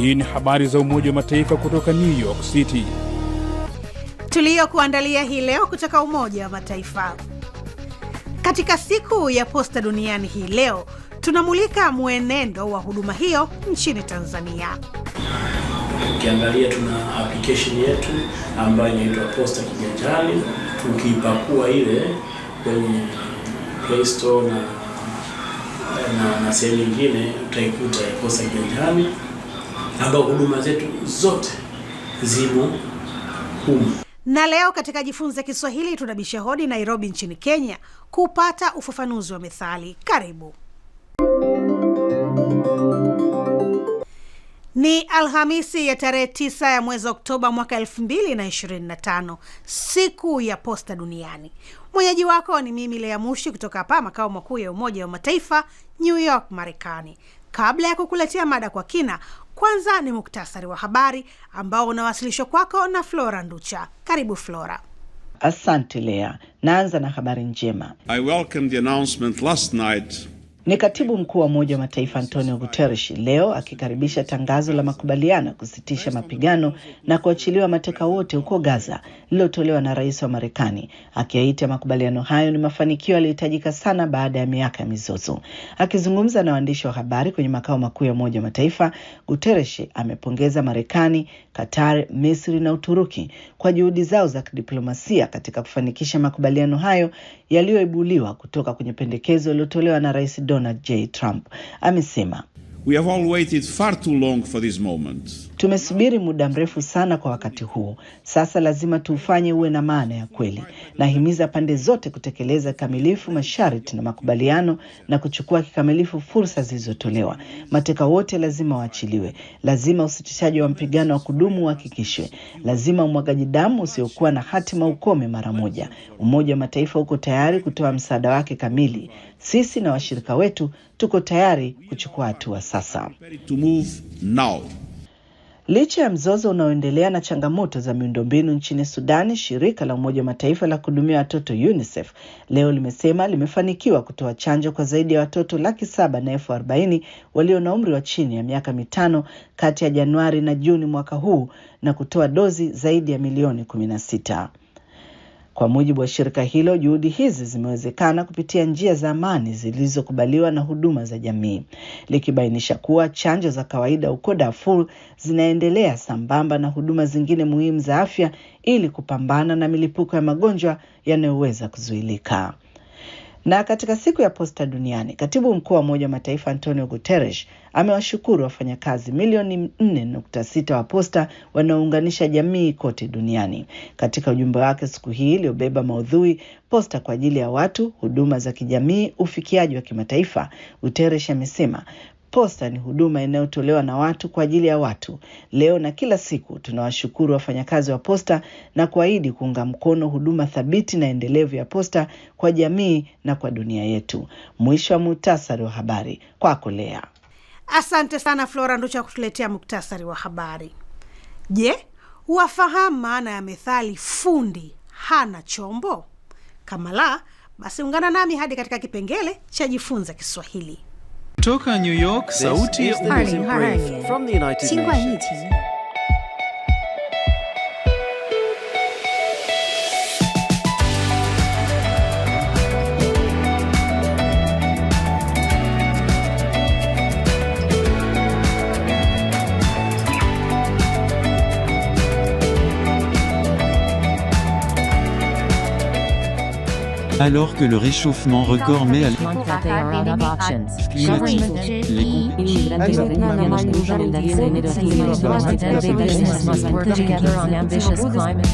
Hii ni habari za Umoja wa Mataifa kutoka New York City tuliyokuandalia hii leo kutoka Umoja wa Mataifa. Katika siku ya posta duniani hii leo, tunamulika mwenendo wa huduma hiyo nchini Tanzania. Ukiangalia tuna application yetu ambayo inaitwa Posta kijanjani tukipakua ile kwenye Play Store na, na, na sehemu nyingine utaikuta Posta kijanjani ambao huduma zetu zote zimo humu. Na leo katika Jifunze Kiswahili tunabisha hodi Nairobi nchini Kenya kupata ufafanuzi wa methali. Karibu. Ni Alhamisi ya tarehe tisa ya mwezi Oktoba mwaka 2025, siku ya posta duniani. Mwenyeji wako ni mimi Lea Mushi kutoka hapa makao makuu ya Umoja wa Mataifa, New York, Marekani. Kabla ya kukuletea mada kwa kina, kwanza ni muktasari wa habari ambao unawasilishwa kwako na Flora Nducha. Karibu Flora. Asante Lea, naanza na habari njema. I welcome the announcement last night ni katibu mkuu wa Umoja wa Mataifa Antonio Guterres leo akikaribisha tangazo la makubaliano ya kusitisha mapigano na kuachiliwa mateka wote huko Gaza lililotolewa na rais wa Marekani, akiaita makubaliano hayo ni mafanikio yaliyohitajika sana baada ya miaka ya mizozo. Akizungumza na waandishi wa habari kwenye makao makuu ya Umoja wa Mataifa, Guterres amepongeza Marekani, Qatar, Misri na Uturuki kwa juhudi zao za kidiplomasia katika kufanikisha makubaliano hayo yaliyoibuliwa kutoka kwenye pendekezo lililotolewa na rais Donald J. Trump amesema, We have all waited far too long for this moment. Tumesubiri muda mrefu sana kwa wakati huu, sasa lazima tuufanye uwe na maana ya kweli. Nahimiza pande zote kutekeleza kikamilifu masharti na makubaliano na kuchukua kikamilifu fursa zilizotolewa. Mateka wote lazima waachiliwe, lazima usitishaji wa mpigano wa kudumu uhakikishwe, lazima umwagaji damu usiokuwa na hatima ukome mara moja. Umoja wa Mataifa uko tayari kutoa msaada wake kamili. Sisi na washirika wetu tuko tayari kuchukua hatua sasa. Licha ya mzozo unaoendelea na changamoto za miundombinu nchini Sudani, shirika la Umoja wa Mataifa la kuhudumia watoto UNICEF leo limesema limefanikiwa kutoa chanjo kwa zaidi ya watoto laki saba na elfu arobaini walio na umri wa chini ya miaka mitano kati ya Januari na Juni mwaka huu na kutoa dozi zaidi ya milioni kumi na sita. Kwa mujibu wa shirika hilo, juhudi hizi zimewezekana kupitia njia za amani zilizokubaliwa na huduma za jamii, likibainisha kuwa chanjo za kawaida huko Darfur zinaendelea sambamba na huduma zingine muhimu za afya ili kupambana na milipuko ya magonjwa yanayoweza kuzuilika. Na katika siku ya posta duniani, katibu mkuu wa Umoja wa Mataifa Antonio Guterres amewashukuru wafanyakazi milioni 4.6 wa posta wanaounganisha jamii kote duniani. Katika ujumbe wake siku hii iliyobeba maudhui posta kwa ajili ya watu, huduma za kijamii, ufikiaji wa kimataifa, Guterres amesema Posta ni huduma inayotolewa na watu kwa ajili ya watu. Leo na kila siku tunawashukuru wafanyakazi wa Posta na kuahidi kuunga mkono huduma thabiti na endelevu ya Posta kwa jamii na kwa dunia yetu. Mwisho wa muhtasari wa habari. Kwako Lea. Asante sana Flora Nducha kutuletea muktasari wa habari. Je, wafahamu maana ya methali fundi hana chombo? Kama la, basi ungana nami hadi katika kipengele cha jifunza Kiswahili. Tokyo, New York, sauti Alors que le réchauffement record met à that they are out of options. must work together on ambitious climate.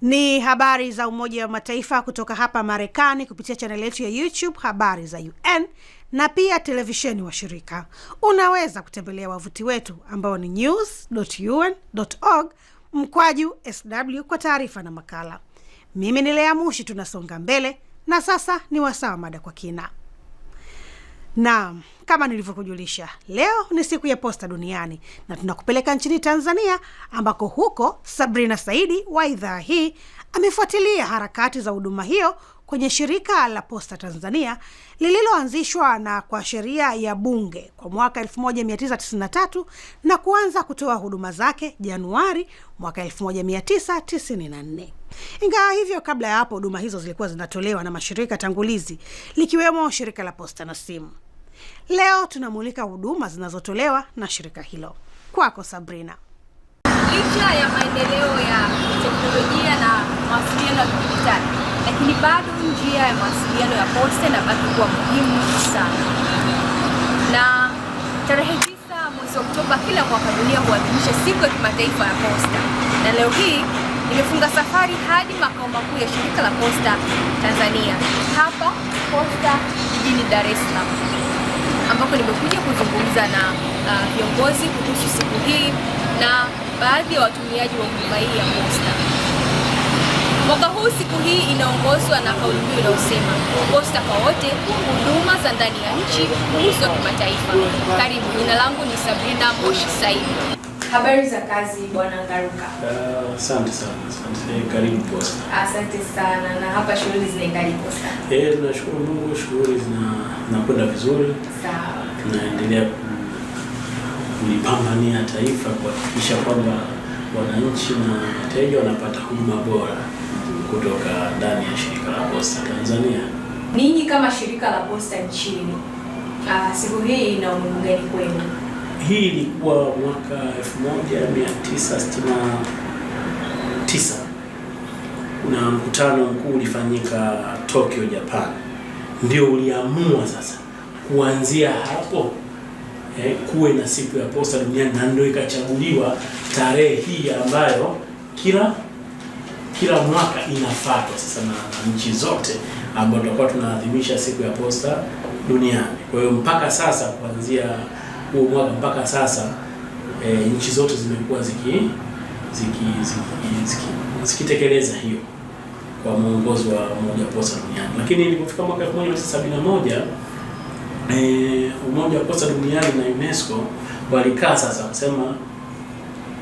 ni habari za Umoja wa Mataifa kutoka hapa Marekani kupitia chaneli yetu ya YouTube Habari za UN na pia televisheni washirika. Unaweza kutembelea wavuti wetu ambao ni org mkwaju sw kwa taarifa na makala. Mimi ni Lea Mushi, tunasonga mbele na sasa ni wasawa mada kwa kina. Naam, kama nilivyokujulisha, leo ni siku ya posta duniani na tunakupeleka nchini Tanzania ambako huko Sabrina Saidi wa idhaa hii amefuatilia harakati za huduma hiyo kwenye shirika la posta Tanzania lililoanzishwa na kwa sheria ya bunge kwa mwaka 1993 na kuanza kutoa huduma zake Januari mwaka 1994. Ingawa hivyo, kabla ya hapo huduma hizo zilikuwa zinatolewa na mashirika tangulizi likiwemo shirika la posta na simu. Leo tunamulika huduma zinazotolewa na shirika hilo. Kwako Sabrina. Licha ya maendeleo ya teknolojia na mawasiliano ya kidijitali lakini bado njia ya mawasiliano ya posta inabaki kuwa muhimu sana. Na tarehe tisa mwezi Oktoba kila mwaka dunia huadhimisha siku ya kimataifa ya posta, na leo hii nimefunga safari hadi makao makuu ya shirika la posta Tanzania, hapa posta jijini Dar es Salaam, ambapo nimekuja kuzungumza na uh, viongozi uh, kuhusu siku hii na baadhi ya watumiaji wa huduma hii ya posta. Mwaka huu siku hii inaongozwa na kauli mbiu inayosema Posta kwa wote, huduma za ndani ya nchi, uhusiano wa kimataifa. Karibu, jina langu ni Sabrina Moshi Saidi. Habari za kazi bwana Ngaruka? Uh, asante sana. Asante eh, karibu Posta. Asante sana. Na hapa shughuli zinaendaje Posta? Eh, tunashukuru Mungu, shughuli zinakwenda vizuri. Sawa. Tunaendelea kulipambania taifa kuhakikisha kwamba wananchi na wateja wanapata huduma bora kutoka ndani ya shirika la posta Tanzania. Ninyi kama shirika la posta nchini, uh, siku hii ina umuhimu gani kwenu? Hii ilikuwa mwaka 1969 na mkutano mkuu ulifanyika Tokyo, Japan, ndio uliamua sasa kuanzia hapo eh, kuwe na siku ya posta duniani na ndio ikachaguliwa tarehe hii ambayo kila kila mwaka inafuatwa sasa na nchi zote ambao tutakuwa tunaadhimisha siku ya posta duniani. Kwa hiyo mpaka sasa kuanzia huo mwaka mpaka sasa e, nchi zote zimekuwa ziki zikitekeleza ziki, ziki, ziki hiyo kwa mwongozo wa Umoja Posta Duniani. Lakini ilipofika mwaka 1971 e, eh, Umoja wa Posta Duniani na UNESCO walikaa sasa kusema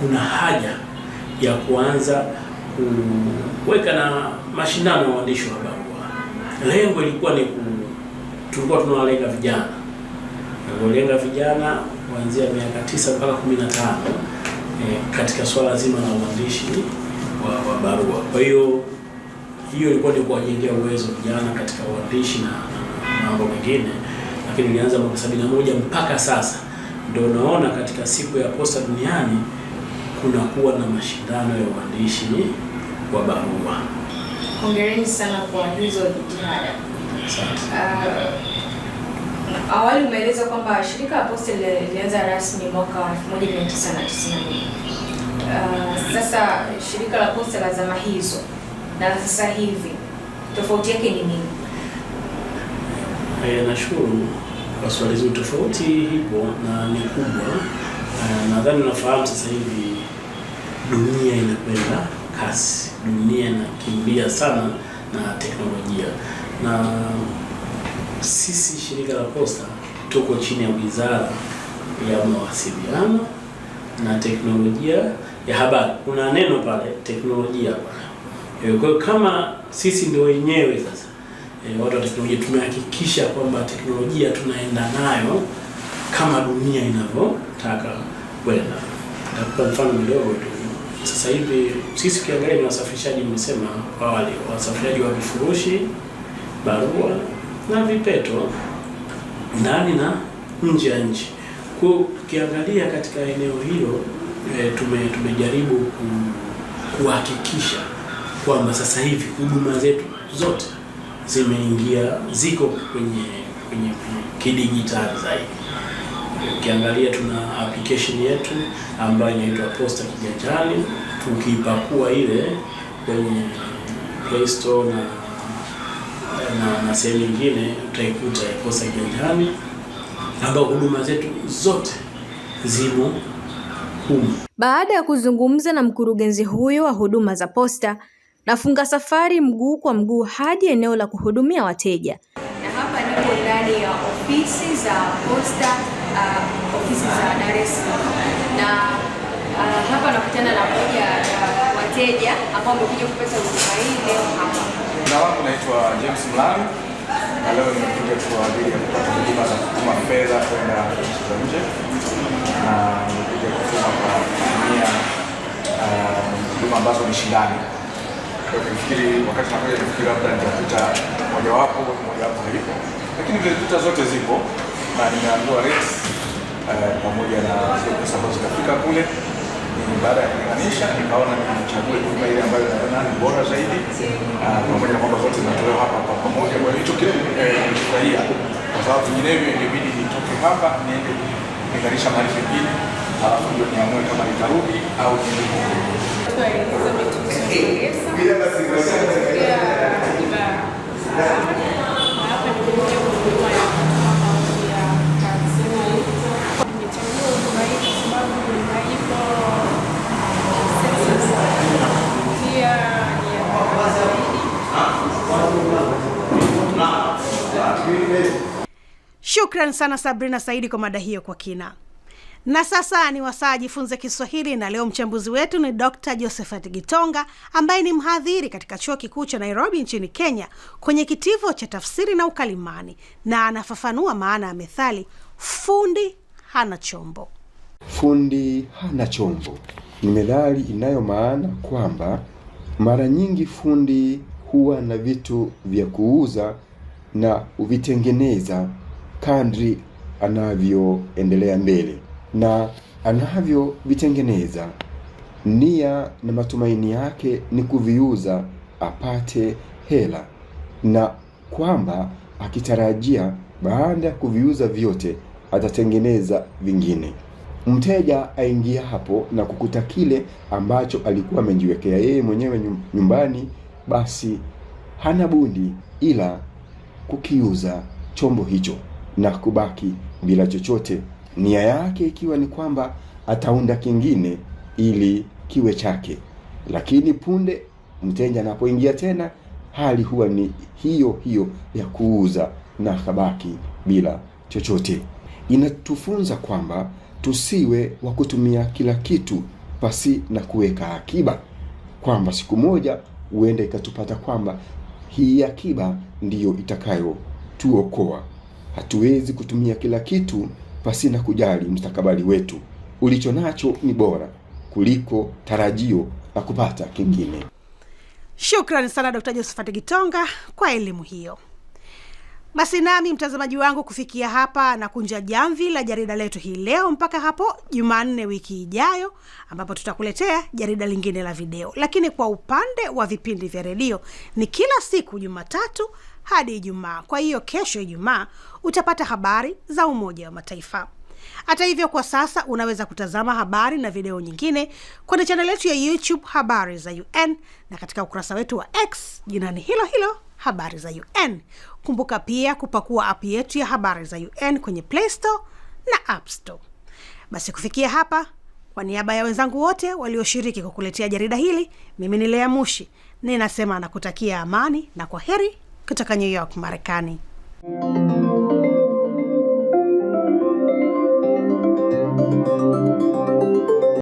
kuna haja ya kuanza kuweka na mashindano ya waandishi wa habari. Lengo ilikuwa ni ku, tulikuwa tunawalenga vijana, tunawalenga vijana kuanzia miaka tisa mpaka kumi na tano e, katika swala zima la uandishi wa, wa barua. Kwa hiyo hiyo ilikuwa ni kuwajengea uwezo vijana katika uandishi na mambo mengine, lakini ilianza mwaka sabini na moja mpaka sasa ndio unaona katika siku ya posta duniani kunakuwa na mashindano ya uandishi wa barua. Hongereni sana kwa hizo jitihada. Uh, ah, awali umeeleza kwamba shirika la posta lilianza rasmi mwaka 1994. Uh, ah, sasa shirika la posta la zama hizo na sasa hivi tofauti yake ni nini? Haya, eh, nashukuru kwa swali zuri. Tofauti hivyo na ni kubwa. Uh, nadhani unafahamu sasa hivi dunia inakwenda kasi, dunia inakimbia sana na teknolojia, na sisi shirika la Posta tuko chini ya wizara ya mawasiliano na teknolojia ya habari. Kuna neno pale teknolojia bwana. Eh, kwa hiyo kama sisi ndio wenyewe sasa e, watu wa teknolojia tumehakikisha kwamba teknolojia tunaenda nayo kama dunia inavyotaka kwenda. Nitakupa mfano mdogo tu. Sasa hivi sisi ukiangalia ni wasafirishaji, nimesema awali, wasafirishaji wa vifurushi, barua na vipeto ndani na nje ya nchi. Kwa ukiangalia katika eneo hilo e, tume, tumejaribu kuhakikisha kwamba sasa hivi huduma zetu zote zimeingia ziko kwenye kwenye kidigitali zaidi. Ukiangalia tuna application yetu ambayo inaitwa Posta Kiganjani. tukipakua ile kwenye Play Store na na, na sehemu nyingine utaikuta Posta Kiganjani, ambayo huduma zetu zote zimo humu. Baada ya kuzungumza na mkurugenzi huyo wa huduma za Posta, nafunga safari mguu kwa mguu hadi eneo la kuhudumia wateja, na hapa ndipo ndani ya ofisi za Posta uh, ofisi za Dar es Salaam na uh, hapa nakutana na mmoja ya wateja ambao wamekuja kupata huduma hii leo hapa. Jina langu naitwa James Mlami na leo nimekuja kwa ajili ya kupata huduma za kutuma fedha kwenda nchi za nje na nimekuja kutuma kwa kutumia uh, huduma ambazo ni shindani. Nilifikiri wakati nakuja nafikiri labda nitakuta mojawapo mojawapo halipo, lakini nilikuta zote zipo na nimeambiwa rates eh, pamoja na zile pesa ambazo zitafika kule. Baada ya kulinganisha, nikaona nichague huduma ile ambayo naona ni bora zaidi, ah, pamoja na kwamba zote zinatolewa hapa kwa pamoja. Kwa hicho kitu eh, nimefurahia, kwa sababu vinginevyo ilibidi nitoke hapa niende kulinganisha mali zingine, alafu ndio niamue kama nitarudi au niende Shukran sana Sabrina Saidi kwa mada hiyo kwa kina. Na sasa ni wasaa ajifunze Kiswahili, na leo mchambuzi wetu ni Dr Josephat Gitonga ambaye ni mhadhiri katika chuo kikuu cha Nairobi nchini Kenya kwenye kitivo cha tafsiri na ukalimani, na anafafanua maana ya methali fundi hana chombo. Fundi hana chombo ni methali inayo maana kwamba mara nyingi fundi huwa na vitu vya kuuza na huvitengeneza kadri anavyoendelea mbele na anavyovitengeneza nia na matumaini yake ni kuviuza apate hela, na kwamba akitarajia baada ya kuviuza vyote atatengeneza vingine. Mteja aingia hapo na kukuta kile ambacho alikuwa amejiwekea yeye mwenyewe nyumbani, basi hana budi ila kukiuza chombo hicho na kubaki bila chochote, nia yake ikiwa ni kwamba ataunda kingine ili kiwe chake. Lakini punde mteja anapoingia tena, hali huwa ni hiyo hiyo ya kuuza na kabaki bila chochote. Inatufunza kwamba tusiwe wa kutumia kila kitu pasi na kuweka akiba, kwamba siku moja huenda ikatupata kwamba hii akiba ndiyo itakayotuokoa. Hatuwezi kutumia kila kitu pasina kujali mstakabali wetu. Ulicho nacho ni bora kuliko tarajio la kupata kingine. Shukrani sana Dr. Josephat Gitonga kwa elimu hiyo. Basi nami mtazamaji wangu, kufikia hapa na kunja jamvi la jarida letu hii leo mpaka hapo Jumanne wiki ijayo, ambapo tutakuletea jarida lingine la video. Lakini kwa upande wa vipindi vya redio ni kila siku Jumatatu hadi Ijumaa. Kwa hiyo kesho Ijumaa utapata habari za Umoja wa Mataifa. Hata hivyo, kwa sasa unaweza kutazama habari na video nyingine kwenye chaneli yetu ya YouTube Habari za UN na katika ukurasa wetu wa X jina ni hilo hilo Habari za UN. Kumbuka pia kupakua app yetu ya Habari za UN kwenye Play Store na App Store. Basi kufikia hapa, kwa niaba ya wenzangu wote walioshiriki kukuletea jarida hili, mimi ni Lea Mushi ninasema nakutakia amani na kwa heri kutoka New York, Marekani.